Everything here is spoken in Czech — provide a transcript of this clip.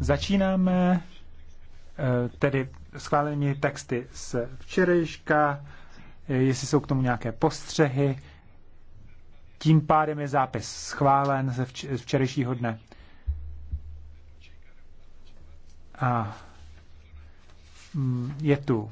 Začínáme eh, tedy schválení texty z včerejška, eh, jestli jsou k tomu nějaké postřehy. Tím pádem je zápis schválen ze včerejšího dne. A mm, je tu